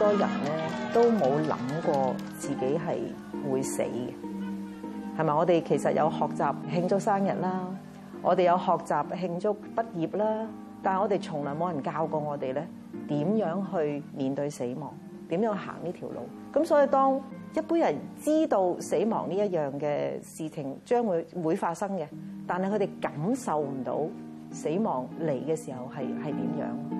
很多人咧都冇諗過自己係會死嘅，係咪？我哋其實有學習慶祝生日啦，我哋有學習慶祝畢業啦，但係我哋從來冇人教過我哋咧點樣去面對死亡，點樣行呢條路。咁所以當一般人知道死亡呢一樣嘅事情將會會發生嘅，但係佢哋感受唔到死亡嚟嘅時候係係點樣的。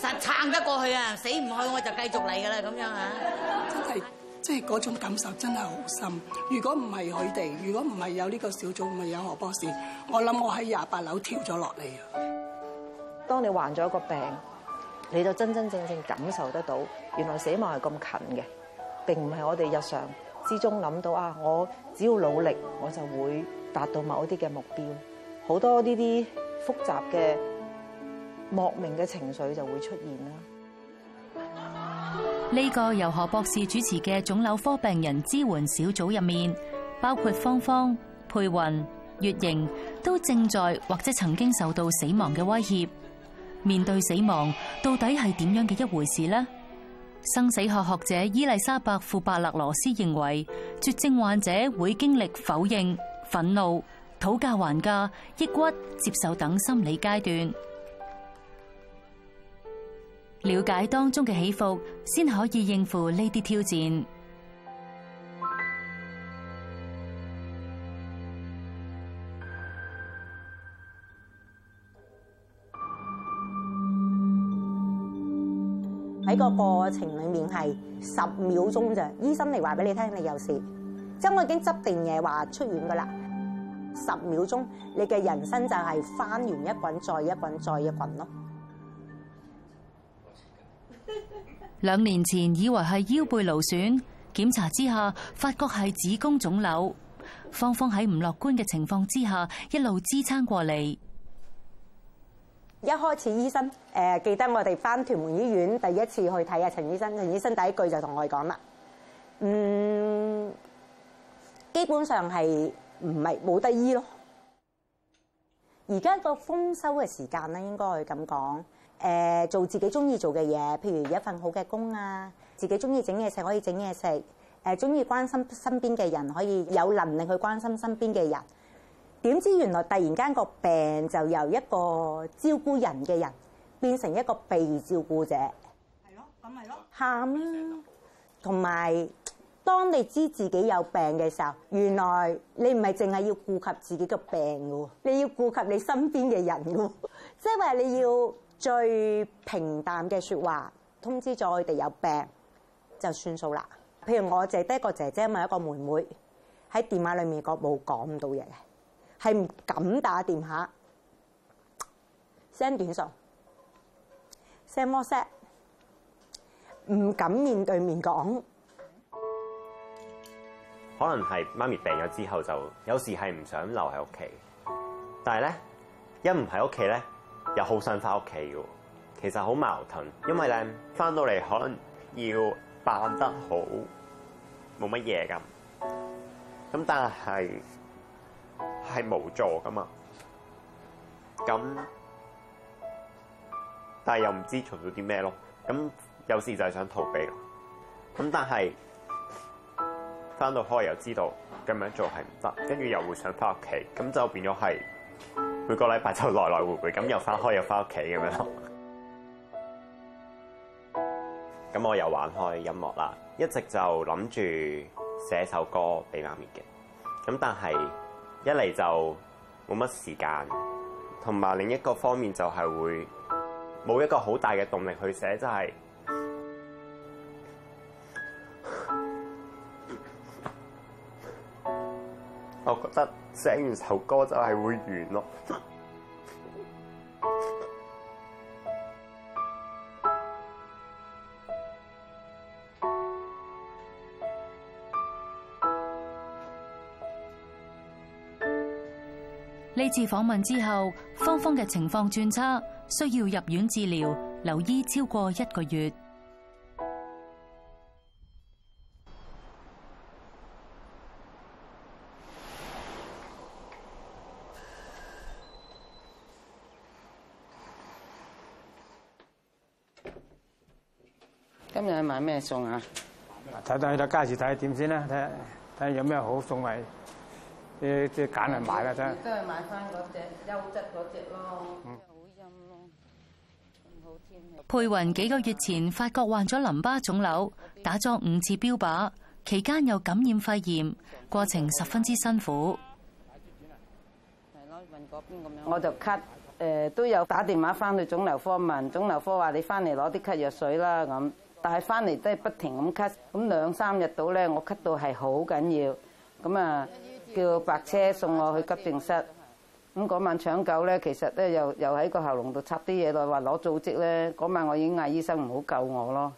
實撐得過去啊！死唔去我就繼續嚟㗎喇，咁樣啊！真係，即係嗰種感受真係好深。如果唔係佢哋，如果唔係有呢個小組，唔係有何博士，我諗我喺廿八樓跳咗落嚟啊！當你患咗個病，你就真真正正感受得到，原來死亡係咁近嘅，並唔係我哋日常之中諗到啊！我只要努力，我就會達到某啲嘅目標。好多呢啲複雜嘅。莫名嘅情緒就會出現啦。呢個由何博士主持嘅腫瘤科病人支援小組入面，包括芳芳、佩雲、月瑩，都正在或者曾經受到死亡嘅威脅。面對死亡，到底係點樣嘅一回事呢？生死學學者伊麗莎白·庫伯勒羅斯認為，絕症患者會經歷否認、憤怒、討價還價、抑鬱、接受等心理階段。了解當中嘅起伏，先可以應付呢啲挑戰。喺個過程裏面係十秒鐘咋。醫生嚟話俾你聽，你有事，即係我已經執定嘢話出院噶啦。十秒鐘，你嘅人生就係翻完一滾，再一滾，再一滾咯。兩年前以為係腰背勞損，檢查之下發覺係子宮腫瘤。芳芳喺唔樂觀嘅情況之下，一路支撐過嚟。一開始醫生誒、呃、記得我哋返屯門醫院第一次去睇啊陳醫生。陳醫生第一句就同我哋講啦，嗯，基本上係唔係冇得醫咯？而家個豐收嘅時間咧，應該咁講。誒做自己中意做嘅嘢，譬如有一份好嘅工啊，自己中意整嘢食可以整嘢食，誒中意關心身邊嘅人可以有能力去關心身邊嘅人。點知原來突然間個病就由一個照顧人嘅人變成一個被照顧者，係咯，咁咪咯，喊啦，同埋當你知自己有病嘅時候，原來你唔係淨係要顧及自己嘅病㗎，你要顧及你身邊嘅人㗎，即係話你要。最平淡嘅説話，通知咗佢哋有病就算數啦。譬如我姐姐個姐姐問一個妹妹喺電話裏面個冇講唔到嘢嘅，係唔敢打電話，send 短信，send WhatsApp，唔敢面對面講。可能係媽咪病咗之後，就有時係唔想留喺屋企，但係咧一唔喺屋企咧。又好想翻屋企嘅，其實好矛盾，因為咧翻到嚟可能要扮得好，冇乜嘢咁，咁但係係無助噶嘛，咁但係又唔知道做咗啲咩咯，咁有時就係想逃避，咁但係翻到開又知道咁樣做係唔得，跟住又會想翻屋企，咁就變咗係。每個禮拜就來來回回咁又返開又返屋企咁樣咯。咁 我又玩開音樂啦，一直就諗住寫首歌俾媽咪嘅。咁但係一嚟就冇乜時間，同埋另一個方面就係會冇一個好大嘅動力去寫，就係、係。寫完首歌就係會完咯。呢次訪問之後，芳芳嘅情況轉差，需要入院治療，留醫超過一個月。買咩送啊？睇睇去到街市睇下點先啦，睇下睇下有咩好送嚟，誒，即係揀嚟買啦，真係。都係買翻嗰隻優質嗰隻咯，好陰咯，好聽。佩云幾個月前發覺患咗淋巴腫瘤，打咗五次標靶，期間又感染肺炎，過程十分之辛苦。係咯，問嗰邊咁樣，我就咳誒，都有打電話翻去腫瘤科問，腫瘤科話你翻嚟攞啲咳藥水啦咁。但係翻嚟都係不停咁咳，咁兩三日到咧，我咳到係好緊要，咁啊叫白車送我去急症室。咁嗰晚搶救咧，其實都又又喺個喉嚨度插啲嘢落，話攞組織咧。嗰晚我已經嗌醫生唔好救我咯。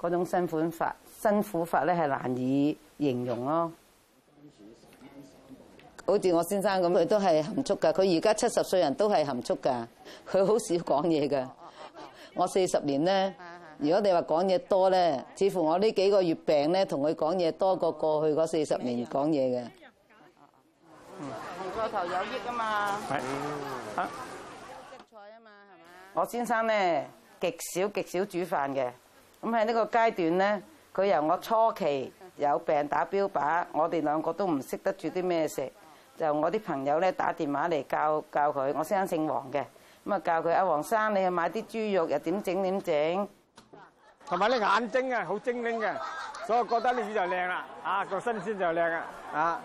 嗰種辛苦法，辛苦法咧係難以形容咯。好似我先生咁，佢都係含蓄噶。佢而家七十歲人都係含蓄噶，佢好少講嘢噶。我四十年咧。如果你話講嘢多咧，似乎我呢幾個月病咧，同佢講嘢多過過去嗰四十年講嘢嘅。個頭有益啊嘛，嘛？係咪？我先生咧極少極少煮飯嘅。咁喺呢個階段咧，佢由我初期有病打標靶，我哋兩個都唔識得煮啲咩食，就我啲朋友咧打電話嚟教教佢。我先生姓黃嘅，咁啊教佢阿黃生，你去買啲豬肉又點整點整，同埋咧眼睛啊，好精靈嘅，所以覺得呢魚就靚啦，啊個新鮮就靚啊！啊，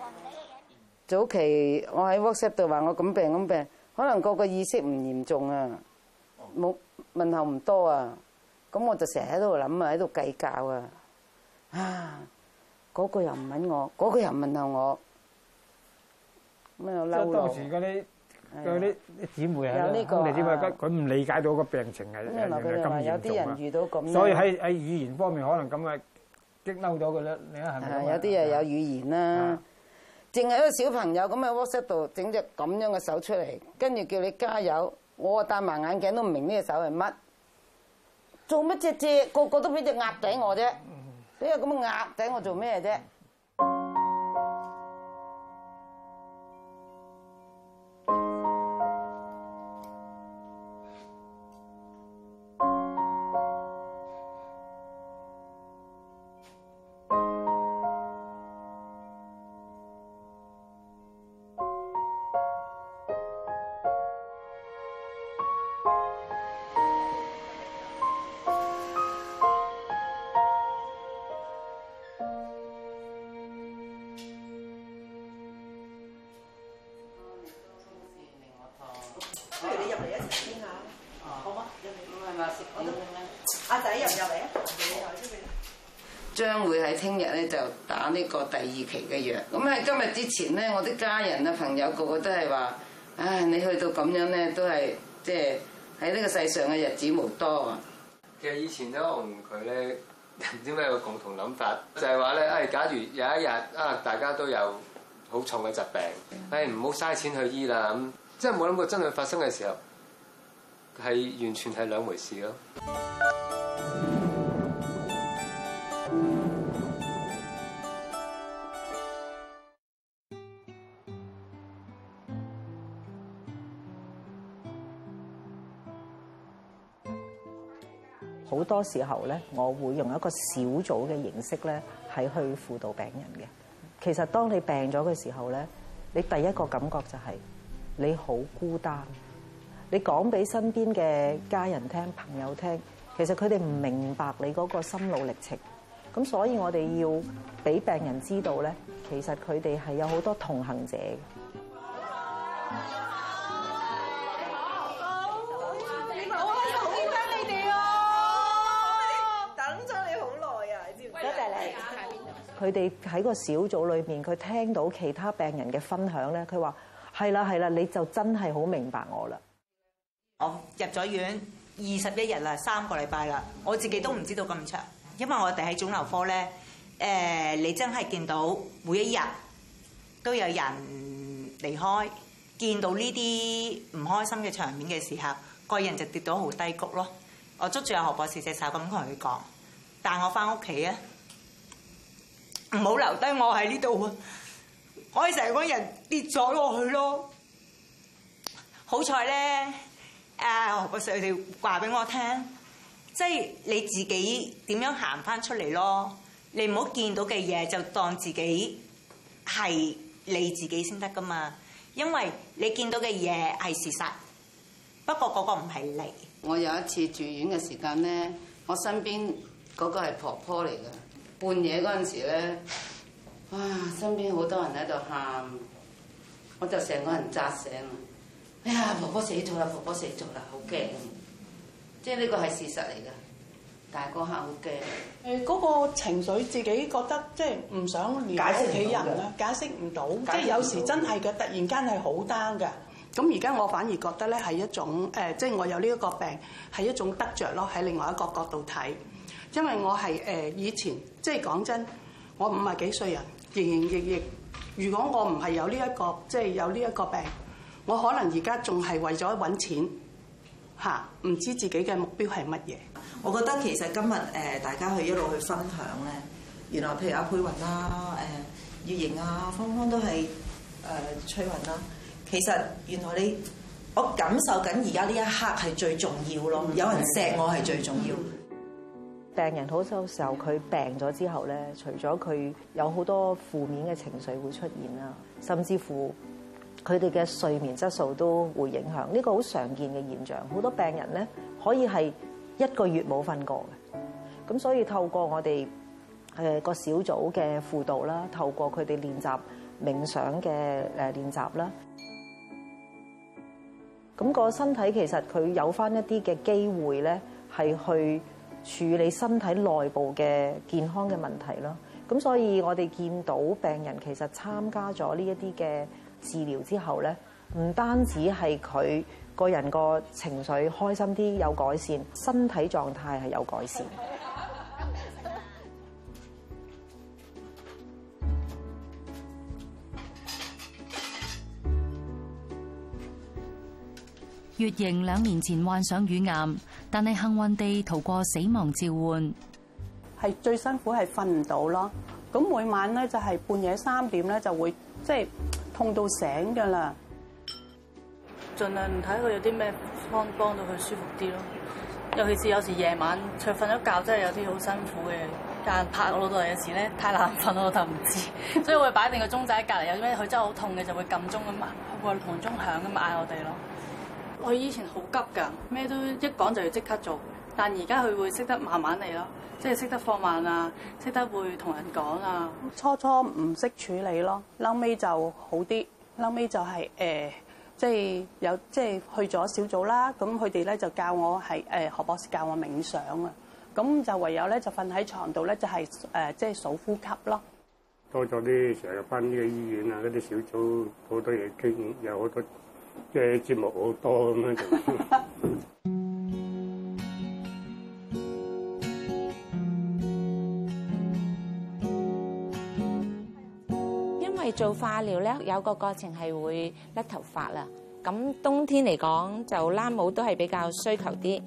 早期我喺 WhatsApp 度話我咁病咁病，可能個個意識唔嚴重啊，冇問候唔多啊，咁我就成日喺度諗啊，喺度計較啊，啊嗰個又唔揾我，嗰個又問候我，咁又嬲我。佢啲啲姊妹係咯，當地姊妹佢佢唔理解到個病情係係咪咁嚴重啊？所以喺喺語言方面可能咁啊激嬲咗佢啦，你啊係咪啊？有啲又有語言啦，淨係一個小朋友咁喺 WhatsApp 度整隻咁樣嘅手出嚟，跟住叫你加油，我啊戴埋眼鏡都唔明呢隻手係乜，做乜啫啫？個個都俾隻鴨頂我啫，呢個咁嘅鴨頂我做咩啫？好嗎？阿仔又入嚟啊！去去去去將會喺聽日咧就打呢個第二期嘅藥。咁喺今日之前咧，我啲家人啊朋友個個都係話，唉，你去到咁樣咧，都係即係喺呢個世上嘅日子無多啊！其實以前咧，我同佢咧唔知咩個共同諗法，就係話咧，唉，假如有一日啊，大家都有好重嘅疾病，嗯、唉，唔好嘥錢去醫啦。咁即係冇諗過真係發生嘅時候。係完全係兩回事咯。好多時候咧，我會用一個小組嘅形式咧，係去輔導病人嘅。其實當你病咗嘅時候咧，你第一個感覺就係你好孤單。你講俾身邊嘅家人聽、朋友聽，其實佢哋唔明白你嗰個心路歷程。咁所以我哋要俾病人知道咧，其實佢哋係有好多同行者嘅。你好，你好啊！好見翻你哋啊！等咗你好耐啊！你知唔知？多謝你。佢哋喺個小組裏面，佢聽到其他病人嘅分享咧，佢話：係啦，係啦，你就真係好明白我啦。我入咗院二十一日啦，三個禮拜啦，我自己都唔知道咁長，因為我哋喺腫瘤科咧，誒、呃，你真係見到每一日都有人離開，見到呢啲唔開心嘅場面嘅時候，個人就跌到好低谷咯。我捉住阿何博士隻手咁同佢講，帶我翻屋企啊，唔好留低我喺呢度啊，我成個人跌咗落去咯，好彩咧。我成日哋話俾我聽，即係你自己點樣行翻出嚟咯？你唔好見到嘅嘢就當自己係你自己先得噶嘛，因為你見到嘅嘢係事實。不過嗰個唔係你。我有一次住院嘅時間咧，我身邊嗰個係婆婆嚟噶。半夜嗰陣時咧，哇！身邊好多人喺度喊，我就成個人扎醒。哎呀，婆婆死咗啦，婆婆死咗啦，好驚，即係呢個係事實嚟㗎。但係嗰刻好驚。誒，嗰個情緒自己覺得即係唔想解釋俾人啦，解釋唔到，即係有時真係嘅，突然間係好 down 㗎。咁而家我反而覺得咧係一種誒，即係我有呢一個病係一種得着咯，喺另外一個角度睇。因為我係誒以前即係講真，我五十幾歲人，營營役役，如果我唔係有呢一個即係有呢一個病。我可能而家仲係為咗揾錢嚇，唔知自己嘅目標係乜嘢。我覺得其實今日誒大家去一路去分享咧，原來譬如阿佩雲啦、誒月盈啊、芳芳都係誒吹雲啦。其實原來你我感受緊而家呢一刻係最重要咯，有人錫我係最重要。病人好收時候，佢病咗之後咧，除咗佢有好多負面嘅情緒會出現啦，甚至乎。佢哋嘅睡眠質素都會影響，呢個好常見嘅現象。好多病人咧，可以係一個月冇瞓過嘅，咁所以透過我哋誒個小組嘅輔導啦，透過佢哋練習冥想嘅誒練習啦，咁個身體其實佢有返一啲嘅機會咧，係去處理身體內部嘅健康嘅問題咯。咁所以我哋見到病人其實參加咗呢一啲嘅。治療之後咧，唔單止係佢個人個情緒開心啲，有改善，身體狀態係有改善。月盈兩年前患上乳癌，但係幸運地逃過死亡召喚，係最辛苦係瞓唔到咯。咁每晚咧就係半夜三點咧就會即係。就是痛到醒噶啦，盡量唔睇佢有啲咩方幫到佢舒服啲咯。尤其是有時夜晚，再瞓咗覺真係有啲好辛苦嘅，但拍我老豆，有時咧太難瞓，我老豆唔知，所以我會擺定個鐘仔隔離，有啲咩佢真係好痛嘅就會撳鐘咁，會同鐘、鐘響咁嗌我哋咯。我以前好急㗎，咩都一講就要即刻做。但而家佢會識得慢慢嚟咯，即係識得放慢啊，識得會同人講啊。初初唔識處理咯，嬲尾就好啲，嬲尾就係、是、誒，即、呃、係、就是、有即係、就是、去咗小組啦。咁佢哋咧就教我係，誒何博士教我冥想啊。咁就唯有咧就瞓喺床度咧就係，誒即係數呼吸咯。多咗啲成日翻呢個醫院啊，嗰啲小組好多嘢傾，有好多即係、就是、節目好多咁樣。就 係做化療咧，有個過程係會甩頭髮啦。咁冬天嚟講，就冷帽都係比較需求啲。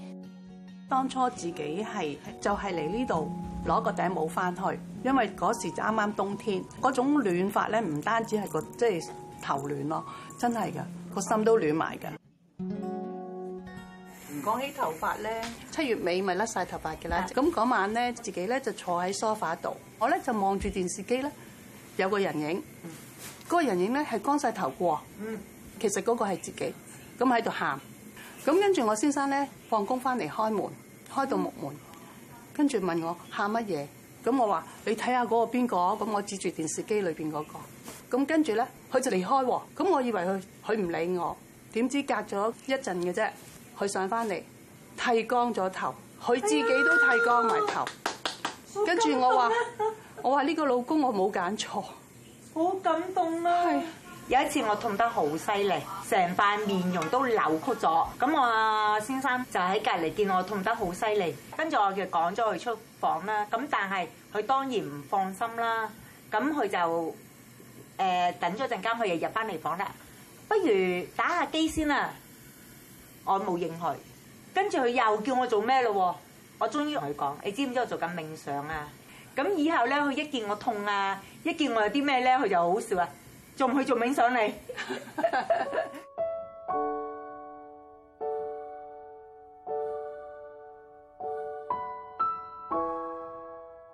當初自己係就係嚟呢度攞個頂帽翻去，因為嗰時就啱啱冬天，嗰種暖法咧唔單止係個即係頭暖咯，真係㗎，個心都暖埋㗎。講起頭髮咧，七月尾咪甩晒頭髮嘅啦。咁嗰的晚咧，自己咧就坐喺梳化度，我咧就望住電視機咧。有個人影，嗰、那個人影咧係光晒頭過，嗯、其實嗰個係自己，咁喺度喊，咁跟住我先生咧放工翻嚟開門，開到木門，跟住、嗯、問我喊乜嘢？咁我話你睇下嗰個邊個？咁我指住電視機裏邊嗰個，咁跟住咧佢就離開喎，咁我以為佢佢唔理我，點知隔咗一陣嘅啫，佢上翻嚟剃光咗頭，佢自己都剃光埋頭，跟住、哎、呀我話。我話呢個老公我冇揀錯，好感動啊！有一次我痛得好犀利，成塊面容都扭曲咗。咁我先生就喺隔離見我痛得好犀利，跟住我叫佢趕咗去出房啦。咁但係佢當然唔放心啦，咁佢就誒等咗陣間，佢又入翻嚟房啦。不如打下機先啦。我冇應佢，跟住佢又叫我做咩咯？我終於同佢講：「你知唔知我做緊冥想啊？咁以後咧，佢一見我痛啊，一見我有啲咩咧，佢就好笑啊，仲唔去做冥想你？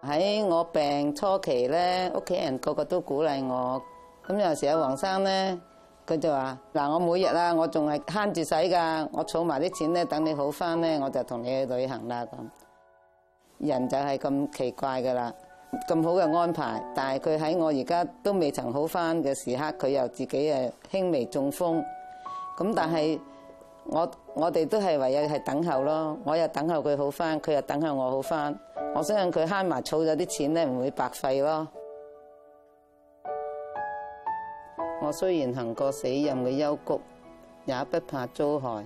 喺我病初期咧，屋企人個個都鼓勵我，咁有時阿黃生咧，佢就話：嗱，我每日啊，我仲係慳住使㗎，我儲埋啲錢咧，等你好返咧，我就同你去旅行啦咁。人就係咁奇怪噶啦，咁好嘅安排，但係佢喺我而家都未曾好翻嘅時刻，佢又自己誒輕微中風。咁但係我我哋都係唯有係等候咯，我又等候佢好翻，佢又等候我好翻。我相信佢慳埋儲咗啲錢咧，唔會白費咯。 我雖然行過死蔭嘅幽谷，也不怕遭害。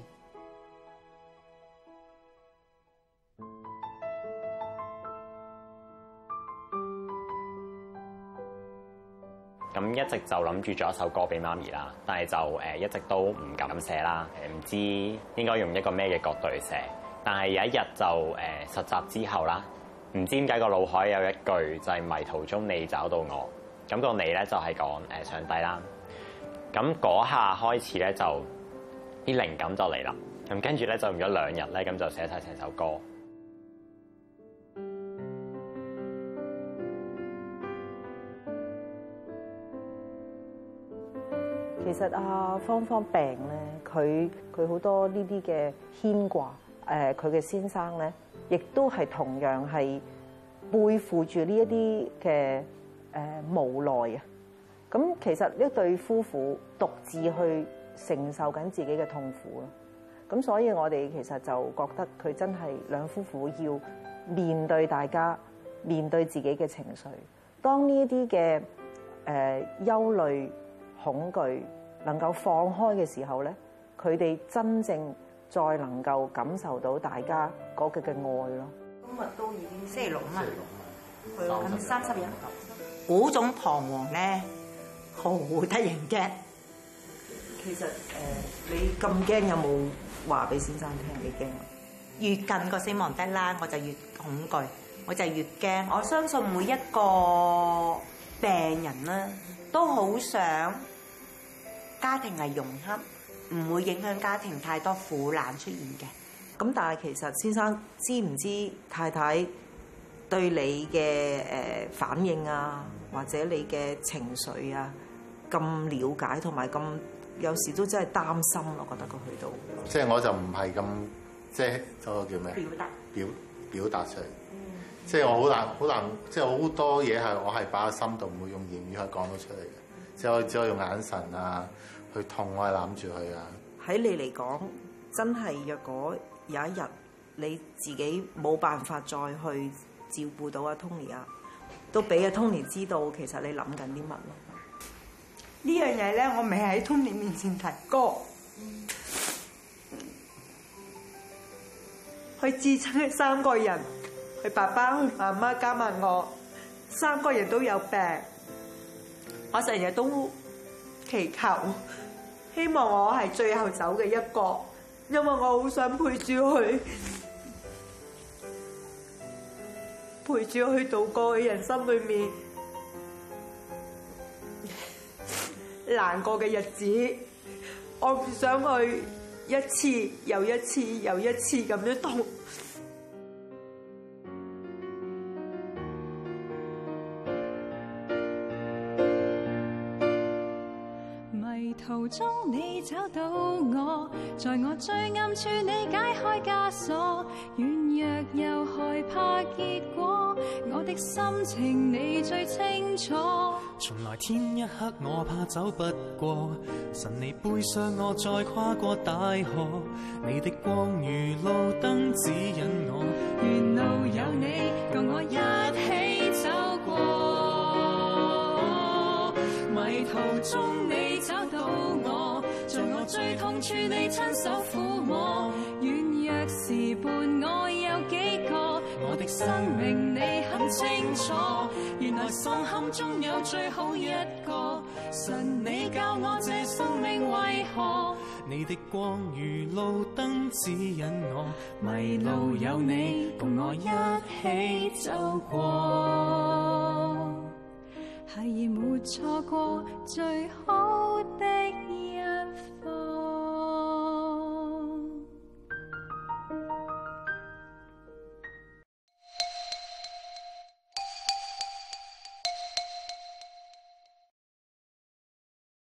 咁一直就諗住咗一首歌俾媽咪啦，但係就、呃、一直都唔敢寫啦，唔知應該用一個咩嘅角度去寫。但係有一日就、呃、實習之後啦，唔知點解個腦海有一句就係、是、迷途中你找到我，咁到、那個、你咧就係、是、講上帝啦。咁嗰下開始咧就啲靈感就嚟啦，咁跟住咧就用咗兩日咧，咁就寫晒成首歌。其實啊，芳芳病咧，佢佢好多呢啲嘅牽掛。誒，佢嘅先生咧，亦都係同樣係背負住呢一啲嘅誒無奈啊。咁其實呢對夫婦獨自去承受緊自己嘅痛苦咯。咁所以，我哋其實就覺得佢真係兩夫婦要面對大家，面對自己嘅情緒。當呢一啲嘅誒憂慮、恐懼，能夠放開嘅時候咧，佢哋真正再能夠感受到大家嗰句嘅愛咯。今日都已經星期六啊嘛？係啊，三十日。嗰種彷徨咧，好得人驚。其實誒，你咁驚有冇話俾先生聽？你驚？越近個死亡 Deadline，我就越恐懼，我就越驚。我相信每一個病人啦，都好想。家庭係融洽，唔會影響家庭太多苦難出現嘅。咁但係其實先生知唔知太太對你嘅誒反應啊，或者你嘅情緒啊，咁了解同埋咁有時都真係擔心咯。我覺得佢去到，即係我就唔係咁，即係嗰個叫咩？表達達 表表達出嚟。嗯、即係我好難好難，好難嗯、即係好多嘢係我係擺喺心度，唔會用言語去講到出嚟嘅。只可以只可用眼神啊，去痛愛攬住佢啊！喺你嚟講，真係若果有一日你自己冇辦法再去照顧到阿 Tony 啊，都俾阿 Tony 知道其實你諗緊啲乜咯？呢樣嘢咧，我未喺 Tony 面前提過。佢自稱嘅三個人，佢爸爸、媽媽加埋我，三個人都有病。我成日都祈求，希望我係最後走嘅一個，因為我好想陪住佢，陪住佢度過嘅人生裏面難過嘅日子，我唔想去一次又一次又一次咁樣痛。途中你找到我，在我最暗處你解開枷鎖，軟弱又害怕結果，我的心情你最清楚。從來天一黑我怕走不過，神你背上我再跨過大河，你的光如路燈指引我，沿路有你共我一起走過，迷途中你。找到我，在我最痛處你親手撫摸，軟弱時伴我有幾個？我的生命你很清楚，原來心坎中有最好一個。神，你教我這生命為何？你的光如路燈指引我，迷路有你共我一起走過。孩兒沒錯過最好的。